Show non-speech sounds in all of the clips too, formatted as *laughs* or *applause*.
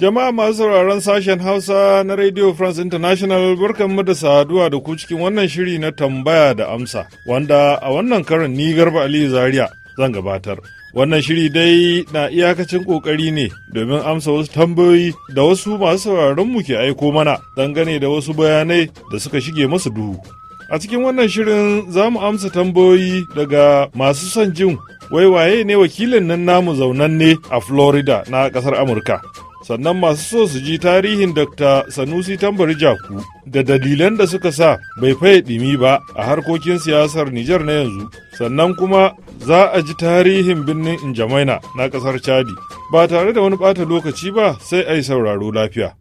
Jama'a masu sauraron sashen Hausa na Radio France International barkanmu da saduwa da ku cikin wannan shiri na tambaya da amsa wanda a wannan karan ni Garba Aliyu Zaria zan gabatar. Wannan shiri dai na iyakacin ƙoƙari ne domin amsa wasu tambayoyi da wasu masu mu ke aiko mana dangane da wasu bayanai da suka shige masu duhu. A cikin wannan shirin za mu amsa tambayoyi daga masu son jin waiwaye ne wakilin nan namu zaunanne a Florida na ƙasar Amurka. sannan masu so su ji tarihin Dr. Sanusi Tambari Jaku da dalilan da suka sa bai faye ɗimi ba a harkokin siyasar Nijar na yanzu, sannan kuma za a ji tarihin birnin Injamaina na ƙasar Chadi. Ba tare da wani ɓata lokaci ba sai a yi sauraro lafiya.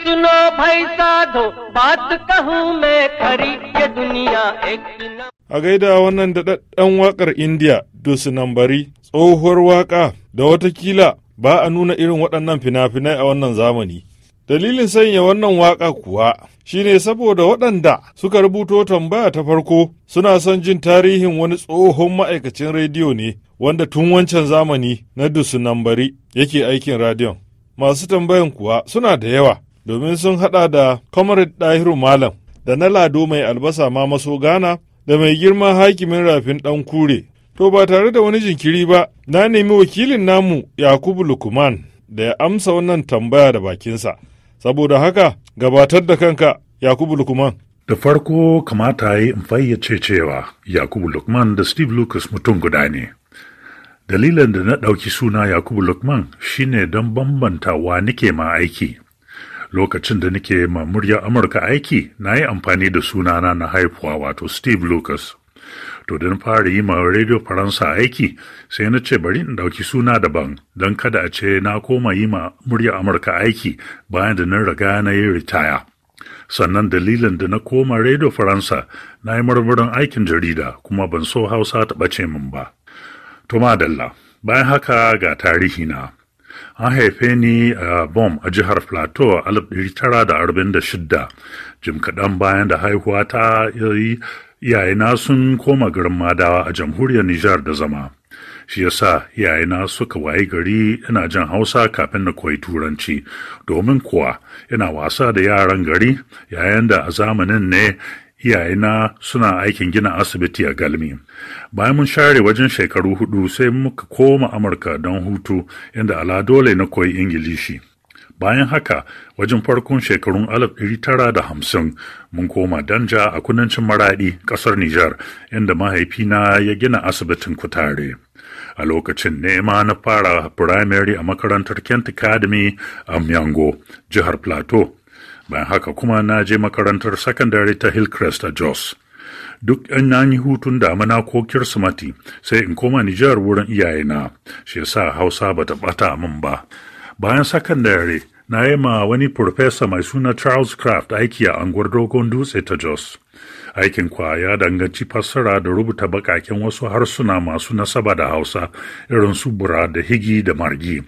सुनो भाई साधो बात कहूँ मैं खरी के दुनिया एक a gaida wannan daɗaɗɗen waƙar indiya dusu nambari tsohuwar waƙa da watakila ba a nuna irin waɗannan fina-finai a wannan zamani dalilin sanya wannan waƙa kuwa shine saboda waɗanda suka rubuto tambaya ta farko suna son jin tarihin wani tsohon ma'aikacin rediyo ne wanda tun wancan zamani na dusu nambari yake aikin radiyon masu tambayan kuwa suna da yawa domin sun hada da comrade ɗahiru malam da na lado mai albasa ma maso gana da mai girma hakimin rafin ɗan kure to ba tare da wani jinkiri ba na nemi wakilin namu yakubu lukman da ya amsa wannan tambaya da bakinsa saboda haka gabatar da kanka yakubu lukman da farko kamata ya yi in fayyace cewa yakubu lukman da steve lucas mutum guda ne dalilin da na ɗauki suna yakubu lukman shine don bambanta wa nike ma aiki lokacin da nake ma murya amurka aiki na yi amfani da sunana na haifuwa wato steve lucas to don fara yi ma radio faransa aiki sai na ce bari in ɗauki suna daban don kada a ce na koma yi ma murya amurka aiki bayan da na riga na yi ritaya sannan dalilin da na koma radio faransa na yi marmarin aikin jarida kuma ban so hausa ta ɓace min ba to madalla bayan haka ga tarihi na an haife ni a bom a jihar plateau a 1946 jim kaɗan bayan da haihuwa ta yi iyayena sun koma garin madawa a jamhuriyar nijar da zama shi yasa iyayena suka wayi gari ina jan hausa kafin na koyi turanci domin kuwa ina wasa da yaran gari yayin da a zamanin ne iyayena suna aikin gina asibiti a galmi bayan mun share wajen shekaru hudu sai muka koma amurka don hutu inda ala dole na koyi ingilishi bayan haka wajen farkon shekarun hamsin, mun koma danja a kudancin maradi kasar nijar inda mahaifina ya gina asibitin kutare a lokacin nema na fara firamare a makarantar kent academy a Myango, jihar plateau bayan haka kuma na je makarantar sakandare ta hillcrest a jos duk in na yi hutun damina ko kirsimati sai in koma nijar wurin iyayena shi yasa hausa bata ɓata min ba bayan sakandare na yi ma wani Profesa mai suna Charles Craft aiki a anguwar Dogon Dutse ta Jos. Aikin kwa ya danganci fassara da rubuta bakaken wasu harsuna masu nasaba da Hausa irin su bura da higi da margi.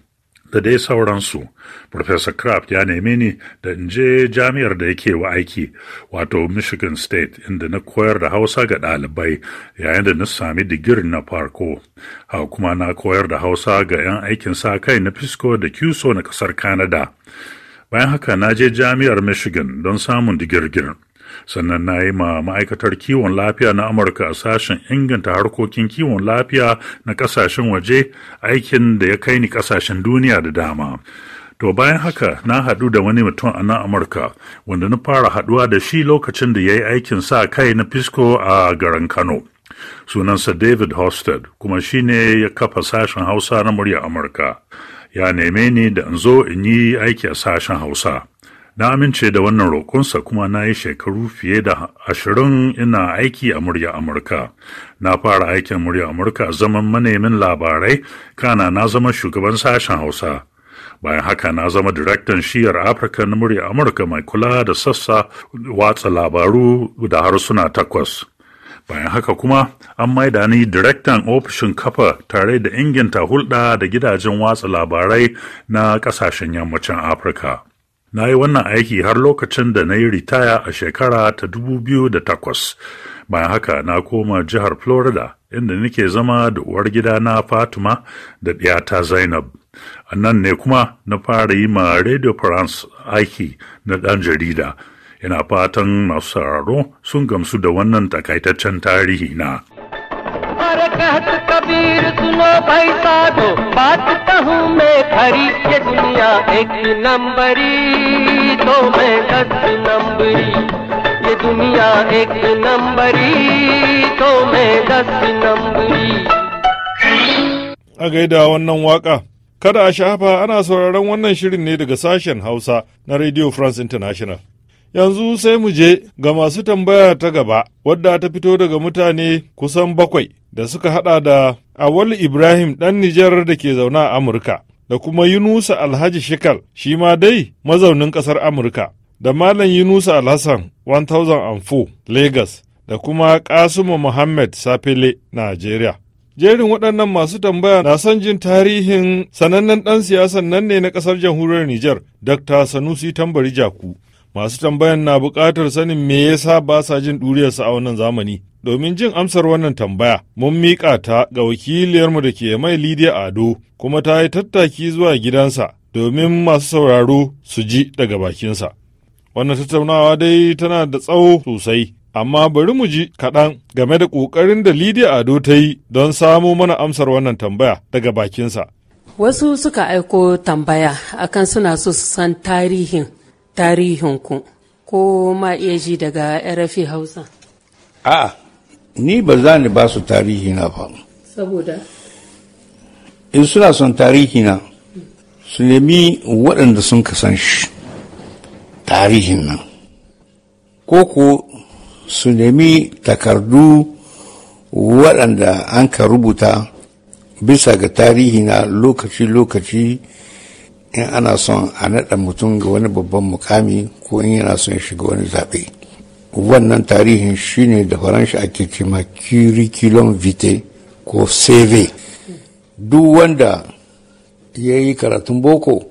da dai sauransu. Professor Kraft ya nemi ni da in je jami'ar da yake wa aiki, wato Michigan State, inda na koyar da Hausa ga ɗalibai yayin da na sami digiri na farko. Haka kuma na koyar da Hausa ga 'yan aikin sa kai na Fisco da CUSO na ƙasar Canada. Bayan haka na je jami'ar Michigan don samun digirgir. sannan na yi ma ma'aikatar kiwon lafiya na amurka a sashen inganta harkokin kiwon lafiya na kasashen waje aikin da ya kai ni kasashen duniya da dama To bayan haka na haɗu da wani mutum a nan Amurka wanda na fara haɗuwa da shi lokacin da ya yi aikin sa kai na Fisco a garin Kano. Sunansa David Hosted kuma shi ne ya kafa sashen Hausa na murya Amurka. Ya neme ni da in zo in yi aiki a sashen Hausa. Na amince da wannan roƙonsa kuma na yi shekaru fiye da ashirin ina aiki a murya Amurka. Na fara aikin murya Amurka zaman manemin labarai, kana na zama shugaban sashen Hausa. Bayan haka na zama Direktan Shiyar Afirka na murya Amurka mai kula da sassa watsa labaru da harsuna takwas. bayan haka kuma an maida ni direktan ofishin kafa tare da inganta hulɗa da gidajen watsa labarai na ƙasashen yammacin afirka na yi wannan aiki har lokacin da na yi ritaya a shekara ta 2008 bayan haka na koma jihar florida inda nake zama da uwar gida na fatima da ta zainab a nan ne kuma na fara yi ma radio france aiki na ɗan jarida ina fatan masu sauraro sun gamsu da wannan takaitaccen tarihi na. हर कहत कबीर सुनो भाई साधो बात कहूँ मैं खरी के दुनिया एक नंबरी तो मैं दस नंबरी ये दुनिया एक नंबरी तो मैं दस नंबरी a gaida wannan waka kada a shafa ana sauraron wannan shirin ne daga sashen hausa na radio france international Yanzu sai mu je ga masu tambaya ta gaba wadda ta fito daga mutane kusan bakwai da suka hada da Awal Ibrahim ɗan Nijar da ke zaune a Amurka da kuma Yunusa Alhaji Shikal shi ma dai mazaunin ƙasar Amurka da Malam Yunusa Alhassan 1004 Lagos da kuma kasuma Muhammad Safele Najeriya. jerin waɗannan masu tambaya na son jin tarihin sanannen ɗan siyasan nan ne na ƙasar jamhuriyar Nijar, Dr. Sanusi Tambari Jaku, Masu tambayan na buƙatar sanin me yasa ba sa jin ɗuriyarsa a wannan zamani. Domin jin amsar wannan tambaya, mun miƙa ta ga wakiliyarmu da ke mai Lidiya Ado, kuma ta yi tattaki zuwa gidansa domin masu sauraro su ji daga bakinsa. Wannan tattaunawa dai tana da tsawo sosai, amma bari mu ji kaɗan game da ƙoƙarin da Lidiya Ado ta yi don samo mana amsar wannan tambaya daga bakinsa. Wasu suka aiko tambaya akan suna so su san tarihin tarihinku ko ma iya ji daga RFI Hausa? A'a, ni ba za ni ba su tarihi na ba. Saboda? In suna son tarihi na, su nemi waɗanda sun kasan shi tarihin nan. Ko ko su nemi takardu waɗanda an ka rubuta bisa ga tarihi na lokaci-lokaci in ana son a naɗa mutum ga wani babban mukami ko in yana son shiga wani zaɓe wannan tarihin shine da faransa ake cema curriculum vitae ko cv duk wanda ya yi karatun boko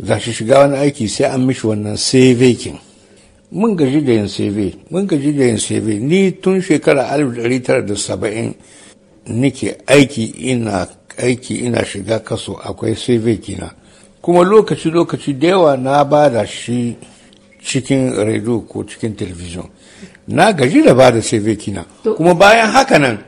za shi shiga wani aiki sai an mishi wannan cv kin mun gaji da yin cv mun gaji da yin cv ni tun shekara 1970 nike aiki ina aiki ina shiga kaso akwai cv kina kuma lokaci-lokaci da yawa na ba da shi cikin redo ko cikin television na gaji da ba da kina kuma bayan haka nan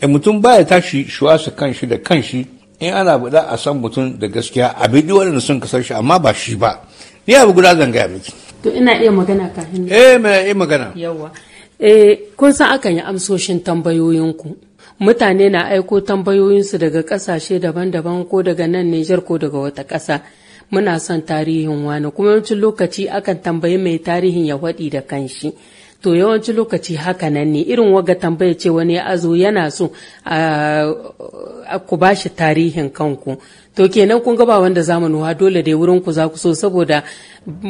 eh, mutum baya tashi shuwasa kanshi da kanshi in ana buɗa a san mutum da gaskiya a bidi waɗanda sun kasar shi amma ba shi ba ni abu guda zangaya miki to ina iya magana kafin eh ina iya magana yawa eh kun san akan yi amsoshin tambayoyinku mutane na aiko tambayoyinsu daga ƙasashe daban-daban ko daga nan Nijar ko daga wata ƙasa. Muna son tarihin wani kuma yawancin lokaci akan tambayi mai tarihin ya waɗi da kanshi. To yawancin lokaci haka nan ne irin waga tambaya ce wani azo yana so a ku shi tarihin kanku. to kenan kun gaba wanda zamani wa dole dai wurin ku za ku so saboda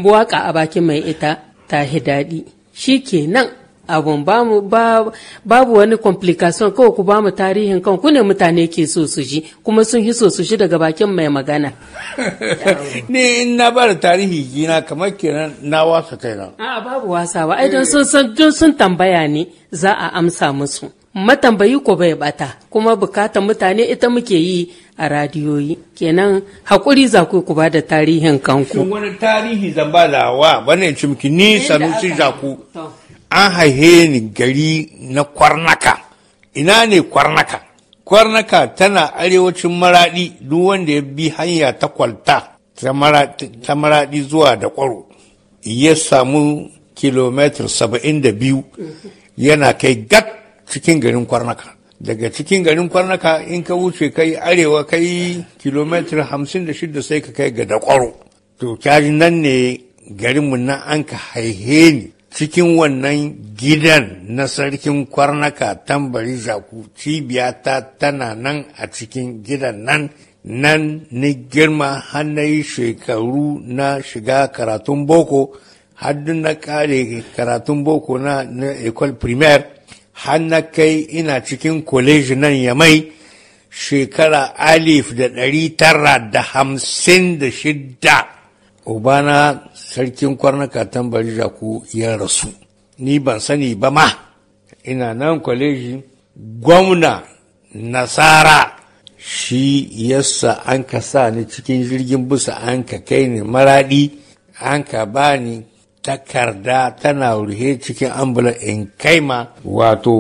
waka a bakin mai ita ta daɗi shi kenan abun babu wani complication kawai ku bamu tarihin kan ku ne mutane ke so su ji kuma sun yi so su ji daga bakin mai magana *laughs* ne in na bar tarihi gina kamar kenan na wasa kaina a babu ba ai don sun sun tambaya ne za a amsa musu matambayi ko bai bata kuma bukatan mutane ita muke yi a radiyoyi kenan hakuri za ku ku bada tarihin kanku wani tarihi zan ba da wa bane cimki ni sanusi za ku an haihe ni gari na kwarnaka ina ne kwarnaka kwarnaka tana arewacin maradi duk wanda ya bi hanya ta kwalta ta maradi zuwa da kwaro ya samu kilomitar saba'in yana kai gat cikin garin kwarnaka daga cikin garin kwarnaka in ka wuce kai arewa kai kilomitar hamsin sai ka kai ga da kwaro to kyari nan ne garinmu na an ka haihe ni cikin wannan gidan na sarkin kwarnaka tambari zaku cibiyata tana nan a cikin gidan nan nan ni girma hannayi shekaru na shiga karatun boko haddun na kare karatun boko na ecole primaire har kai ina cikin kwaleji nan ya mai shekara alif da ɗari tara da hamsin da shida ubana sarkin kwarnaka tambari ku ya rasu ni ban sani ba ma ina nan kwaleji gwamna nasara shi yasa an ka sa ni cikin jirgin busa an ka kai ni maraɗi an ka ba ni takarda tana ruhe cikin ambula in kai ma. wato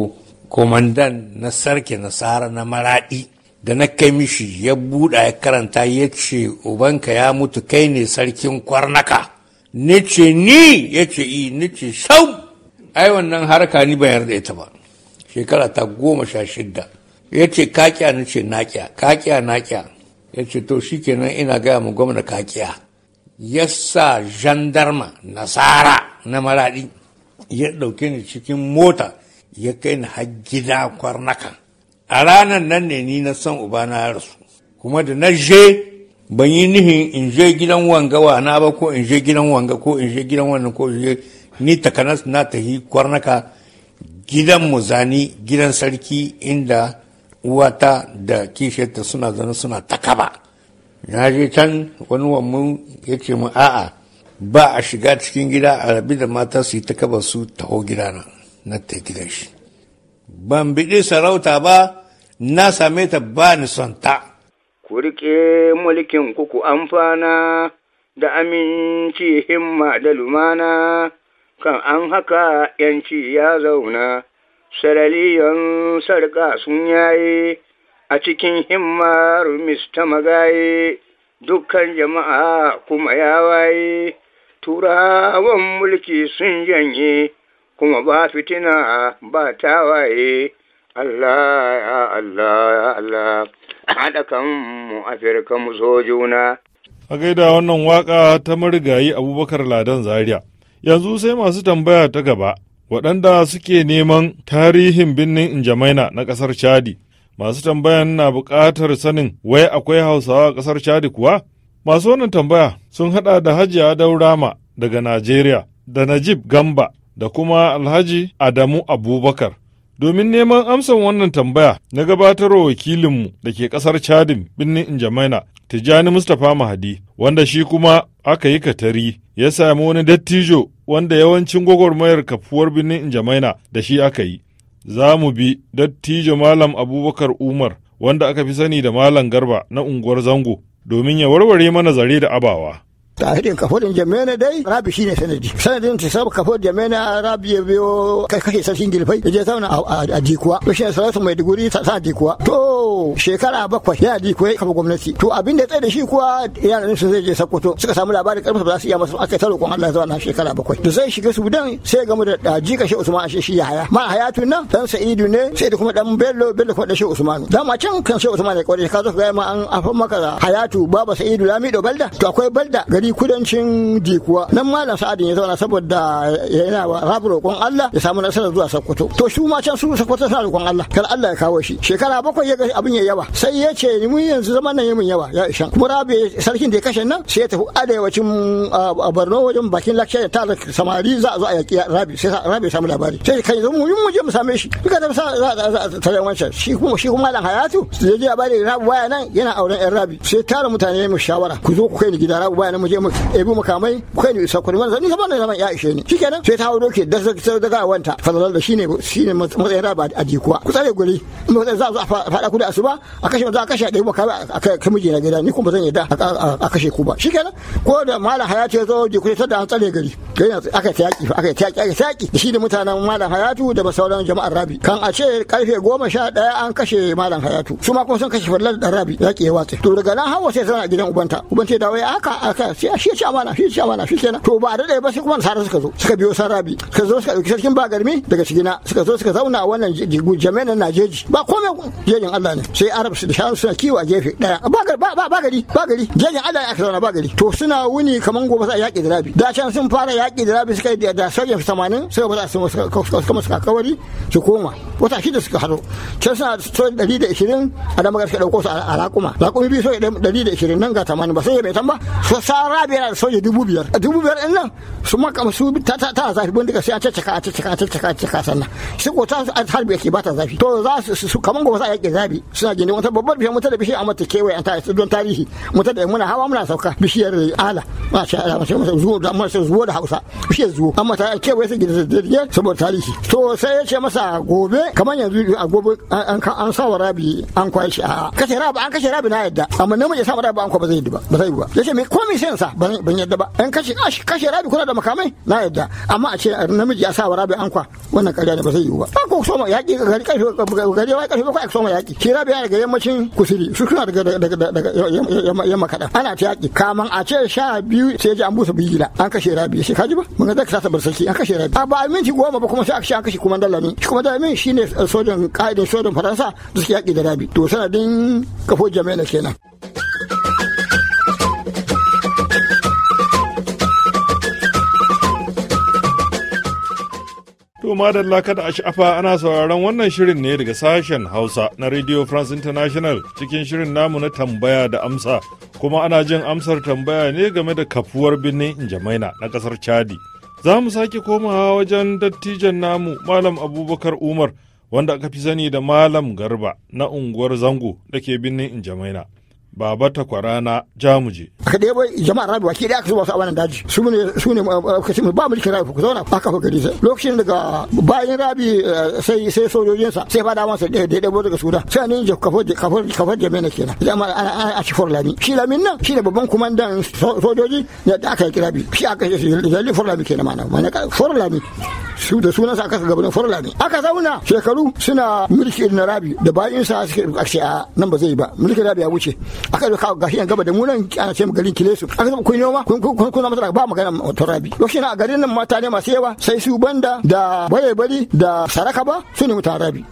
komandan na sarki nasara na maraɗi da na kai mishi ya buɗa ya karanta ya ce ubanka ya mutu kai ne sarkin kwarnaka ce ni ya yace i ce sau ai wannan harka ni bayar yarda ita ba shekara ta goma sha shidda yace kakiya ce nakiya kakiya nakiya ce to shi kenan ina gaya mu gwamna kakiya yasa gendarma nasara na maraɗi. ya ɗauke ni cikin mota ya kai ni har gida kwarnaka a ranar nan ne ni na san ubana ya rasu kuma da na je ban yi nihin in je gidan wanga wa na ba ko in je gidan wanga ko in je gidan wannan ko in je ni takanas na tahi kwarnaka gidan mu muzani gidan sarki inda uwata da kishiyarta suna zana suna takaba na je can wani wammun ya ce mu a'a ba a shiga cikin gida a rabi da mata su yi kaba su taho gida na na ta gidan shi ban biɗi sarauta ba na same ta ba ni son ta ku riƙe mulkin ku amfana da aminci himma da lumana kan an haka yanci ya zauna saraliyan sarƙa sun yaye a cikin himmar mista magaye dukkan jama'a kuma ya waye turawan mulki sun janye kuma ba fitina ba tawaye Allah ya Allah ya Allah haɗa kanmu Afirka mu zo juna. A gaida wannan waƙa ta marigayi Abubakar Ladan Zaria. Yanzu sai masu tambaya ta gaba waɗanda suke neman tarihin birnin Injamaina na ƙasar Chadi. Masu tambayan na buƙatar sanin wai akwai Hausawa a ƙasar Chadi kuwa? Masu wannan tambaya sun haɗa da Hajiya Daurama daga Najeriya da Najib Gamba da kuma Alhaji Adamu Abubakar Domin neman amsan wannan tambaya na gabatarwa wakilinmu da ke ƙasar Chadin birnin Injamaina, Tijjani Mustapha Mahadi, wanda shi kuma aka yi katari ya sami wani dattijo wanda yawancin gwagwarmayar kafuwar birnin Injamaina da shi aka yi. Za mu bi dattijo Malam Abubakar Umar, wanda aka fi sani da Malam Garba na unguwar Zango, domin ya warware mana zare da abawa. tahirin kafodin jamena dai rabi shine sanadi sanadin ta saba kafodin jamena rabi ya biyo kai kashe sashin gilfai ya je zauna a dikuwa to shine salatu mai diguri sa dikuwa to shekara bakwai yana di kuwa kama gwamnati to abin da ya tsaye da shi kuwa yaran su zai je Sokoto suka samu labarin karfin ba za su iya masa aka taro roƙon Allah zuwa na shekara bakwai da zai shiga Sudan sai gamu da jika shi Usman ashe shi ya haya ma Hayatu nan dan Sa'idu ne sai da kuma dan Bello Bello kuma da shi Usman da ma can kan shi Usman ne kwarai ka zo ga ma an afa maka Hayatu baba Sa'idu do Balda to akwai Balda gari kudancin Dikuwa nan malam Sa'adin ya zauna saboda yana rabu roƙon Allah ya samu nasara zuwa Sokoto to shi ma can su Sokoto suna roƙon Allah kar Allah ya kawo shi shekara bakwai ya ga abin ya yawa sai ya ce mun yanzu zaman nan mun yawa ya isha kuma rabe sarkin da ya kashe nan sai ya tafi arewacin Borno wajen bakin lakshya da tara samari za a zo a yaki rabe sai rabi samu labari sai kai zo mun muje mu same shi duka da za a tare wancan shi kuma shi kuma dan hayatu sai ya ji labari rabu baya nan yana auren yan rabi sai tara mutane mu shawara ku zo ku kai ni gida rabu baya nan mu je mu ebi makamai ku kai ni isa ku wannan ni zaman nan zaman ya ishe ni shikenan sai ta hawo ke da daga wanta fadalar da shine shine matsayin rabi a jikuwa ku tsare guri mu za a zo a fada ku da da ba a kashe wanzu a kashe a ɗaya bakara a kai miji na gida ni kuma zan yadda a kashe ku ba shi kenan ko da malam hayatu ya zo jikuri ta da an tsare gari gari na aka ta yaƙi aka ta yaƙi aka ta yaƙi da shi da mutanen malam hayatu da ba sauran jama'ar rabi kan a ce karfe goma sha ɗaya an kashe malam hayatu su ma kuma sun kashe fallar da rabi yaki ya watse to daga nan hawa sai a gidan ubanta ubanta ya dawo ya aka aka sai shi ce amana shi ce amana shi kenan to ba a daɗe ba sai kuma nasara suka zo suka biyo san rabi suka zo suka ɗauki sarkin bagarmi daga cikina suka zo suka zauna a wannan jami'an na jeji ba komai jejin Allah ne sai arab da shanu suna kiwo a gefe daya ba ba gari ba gari Gefen allah ya zauna ba gari to suna wuni kaman gobe sa yaki da rabi da can sun fara yaki da rabi suka yi da sauyin 80 sai ba za su kama suka kawari su koma wata shida suka haro can suna da 120 a da suka dauko su a raƙuma raƙumi biyu da 120 nan ga 80 ba Sai bai tamba su sa rabi yana da soja dubu biyar a dubu biyar ɗin nan su maka su ta ta ta zafi bin duka sai a caccaka a caccaka a caccaka a caccaka sannan sai ko ta harbi yake ba ta zafi to za su kaman gobe sa yaki da rabi gobe suna gini wata babbar bishiyar mutar da bishiyar amma ta kewaye an ta don tarihi mutar da muna hawa muna sauka bishiyar ala ma sha ala masa zuwa da masa zuwa da Hausa bishiyar zuwa amma ta kewaye su gini da saboda tarihi to sai ya ce masa gobe kamar yanzu a gobe an sa rabi an kwai shi a kashe rabi an kashe rabi na yadda amma namiji sa rabi an kwa ba zai yi ba ba zai yi ba yace me komai sai sa ban yadda ba an kashe kashe rabi kuna da makamai na yadda amma a ce namiji ya sa rabi an kwa wannan ƙarya ne ba zai yi ba ba ko soma yaki gari karfe gari wai karfe ba ko soma yaki shi biya daga yammacin kusuri su suna daga yamma kaɗan ana ta yaƙi kaman a ce sha biyu sai ji an busa bigila an kashe rabi shi kaji ba mun ga sa sasa sarki an kashe rabi a ba a minti goma ba kuma sai aka an kashe kuma dalani shi kuma min shine eh, sojan ƙa'idar sojan faransa da suke yaƙi da rabi to sanadin kafo jami'a kenan. madalla kada a sha'afa ana sauraron wannan shirin ne daga sashen Hausa na Radio France International cikin shirin namu na tambaya da amsa. Kuma ana jin amsar tambaya ne game da kafuwar birnin jamaina na kasar Chadi. Za mu sake komawa wajen dattijan namu Malam Abubakar Umar wanda aka fi sani da Malam Garba na unguwar Zango da ke birnin Injamaina. Baba Takwara na Jamuje. Aka ɗaya bai jama'ar Rabi waki ɗaya aka zuba su a wannan daji. Su ne su ne uh, aka ce ba mulkin Rabi ku zauna aka fa gari sai. Lokacin daga bayan Rabi uh, sai sai sojojinsa sai fada masa da ɗaya ɗebo daga Sudan. Sai ne kafar kafar kafar jami'a na kenan. Zama ana a cifor Lami. Shi lami nan shi ne babban kumandan sojoji ne da aka yi Rabi. Shi aka yi Jalli lami kenan mana mana ka Ma'ana lami su da sunansa aka saka gabanin lami aka zauna shekaru suna mulki na Rabi da bayan sa suke a ce a nan ba zai ba mulkin Rabi ya wuce aka zo ga shi gaba da mu nan ana ce garin kilesu aka zo kun noma kun kun kun masara ba magana turabi lokacin a garin nan mata ne masu yawa sai su banda da bare bari da saraka ba su ne mutarabi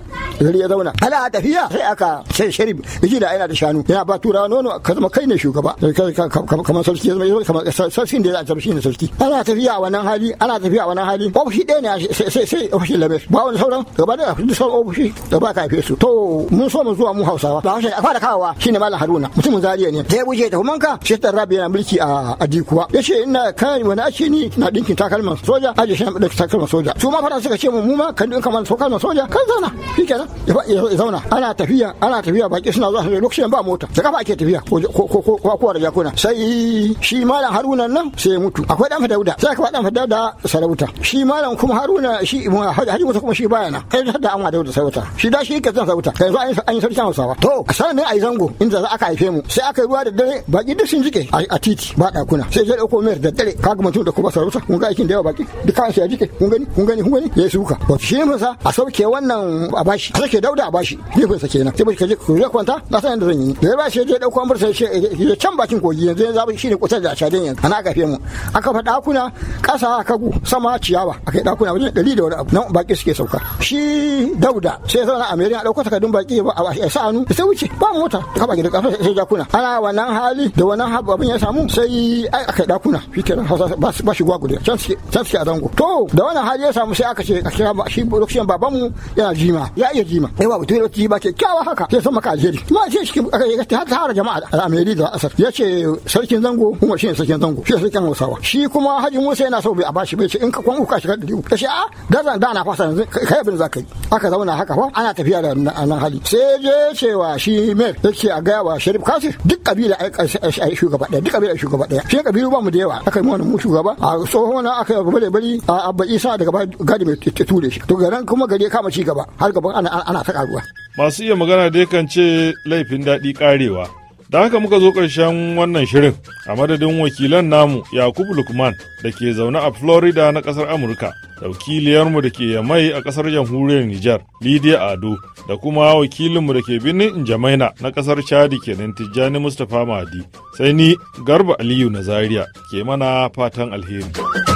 zari ya zauna ana tafiya sai aka sai sharif biji da aina da shanu yana ba turawa nono ka zama kai ne shugaba kamar sarki ya zama kamar sarki da ya zama shi ne sarki ana tafiya a wannan hali ana tafiya a wannan hali ofishi ɗaya ne sai sai ofishin lamis ba wani sauran gaba da duk sauran ofishi da ba ka haife su to mun so mu zuwa mu hausawa ba hausa a fara kawowa ne malam haruna mutumin zariya ne sai wuce ta humanka shi ta rabi yana mulki a adikuwa ce ina kan wani ake ni na dinkin takalman soja aje shi na dinkin takalman soja su ma fara suka ce mu mu ma kan ɗinkin man takalman soja kan zauna shikenan ya zauna ana tafiya ana tafiya baki suna zuwa sai lokacin ba mota da kafa ake tafiya ko ko ko da jakuna sai shi malam haruna nan sai mutu akwai dan dauda sai aka dan dauda sarauta shi malam kuma haruna shi hari musa kuma shi baya na kai da amma dauda sarauta shi da shi yake zan sarauta kai zo an yi an hausawa to a sanin ai zango inda za aka haife mu sai aka yi ruwa da dare baki duk sun jike a titi ba dakuna sai ya dauko mayar da dare kaga mutum da kuma sarauta kun ga aikin da yawa baki duk kan shi ya jike kun gani kun gani kun gani yayi suka to shi ne musa a sauke wannan a bashi sai ke dauda a bashi gefen sa kenan sai ka je ku je kwanta na san yadda zan yi da ya bashi ya je dauko an bursa shi ya can bakin kogi yanzu ya zaba ne kusa da shaden yanzu ana kafe mu aka fa dakuna kasa a kagu sama ciyawa aka yi dakuna wajen dari da wani abu nan baki suke sauka shi dauda sai ya zauna a merin a dauko takardun baki a sa hannu sai wuce ba mota ka baki da kafa sai jakuna ana wannan hali da wannan habu abin ya samu sai aka yi dakuna shi kenan ba shi gwa gwagudu can suke a zango to da wannan hali ya samu sai aka ce a kira shi lokacin babanmu yana jima za iya jima yawa mutum ya ci ba ke kyawa haka sai son maka alheri kuma ce shi aka yi gaskiya har jama'a al'amiri da asar ya ce sarkin zango kuma shi ne sarkin zango shi sarkin hausawa shi kuma haji musa yana so bai a bashi bai ce in ka kwan uka shiga da ya ce a gazan da na fasa yanzu kai abin za ka yi aka zauna haka fa ana tafiya da nan hali sai je cewa shi mer yake a gaya wa sharif kasir duk kabila a shugaba daya duk kabila shugaba daya shi kabilu ba mu da yawa aka yi mana mu shugaba a tsohon aka yi bari bari a abba isa daga gadi mai ture shi to garan kuma gari ya kama ci gaba har gaba ana ta karuwa. Masu iya magana da yakan ce laifin daɗi karewa. Da haka muka zo ƙarshen wannan shirin a madadin wakilan namu Yakubu Lukman da ke zaune a Florida na ƙasar Amurka da wakiliyarmu da ke Yamai a ƙasar jamhuriyar Nijar Lidiya Ado da kuma wakilinmu da ke birnin Jamaina na ƙasar Chadi kenan Tijjani Mustapha Mahdi sai ni Garba Aliyu na Zaria ke mana fatan alheri.